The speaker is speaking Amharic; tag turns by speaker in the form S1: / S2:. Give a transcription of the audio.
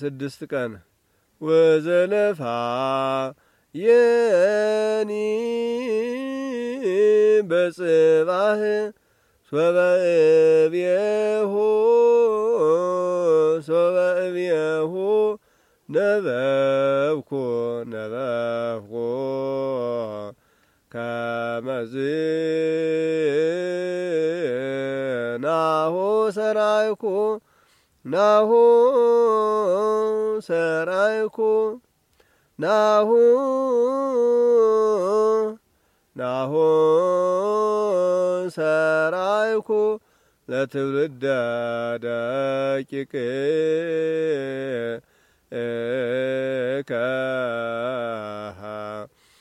S1: ስድስት ቀን ወዘለፋ የኒ በጽባህ ሶበእብየሁ ሶበእብየሁ ነበብኮ ነበብኮ ናሁ ሰራይኩ ናሁ ሰራይኩ ናሁ ናሁ ሰራይኩ ለትውልደ ደቂቅ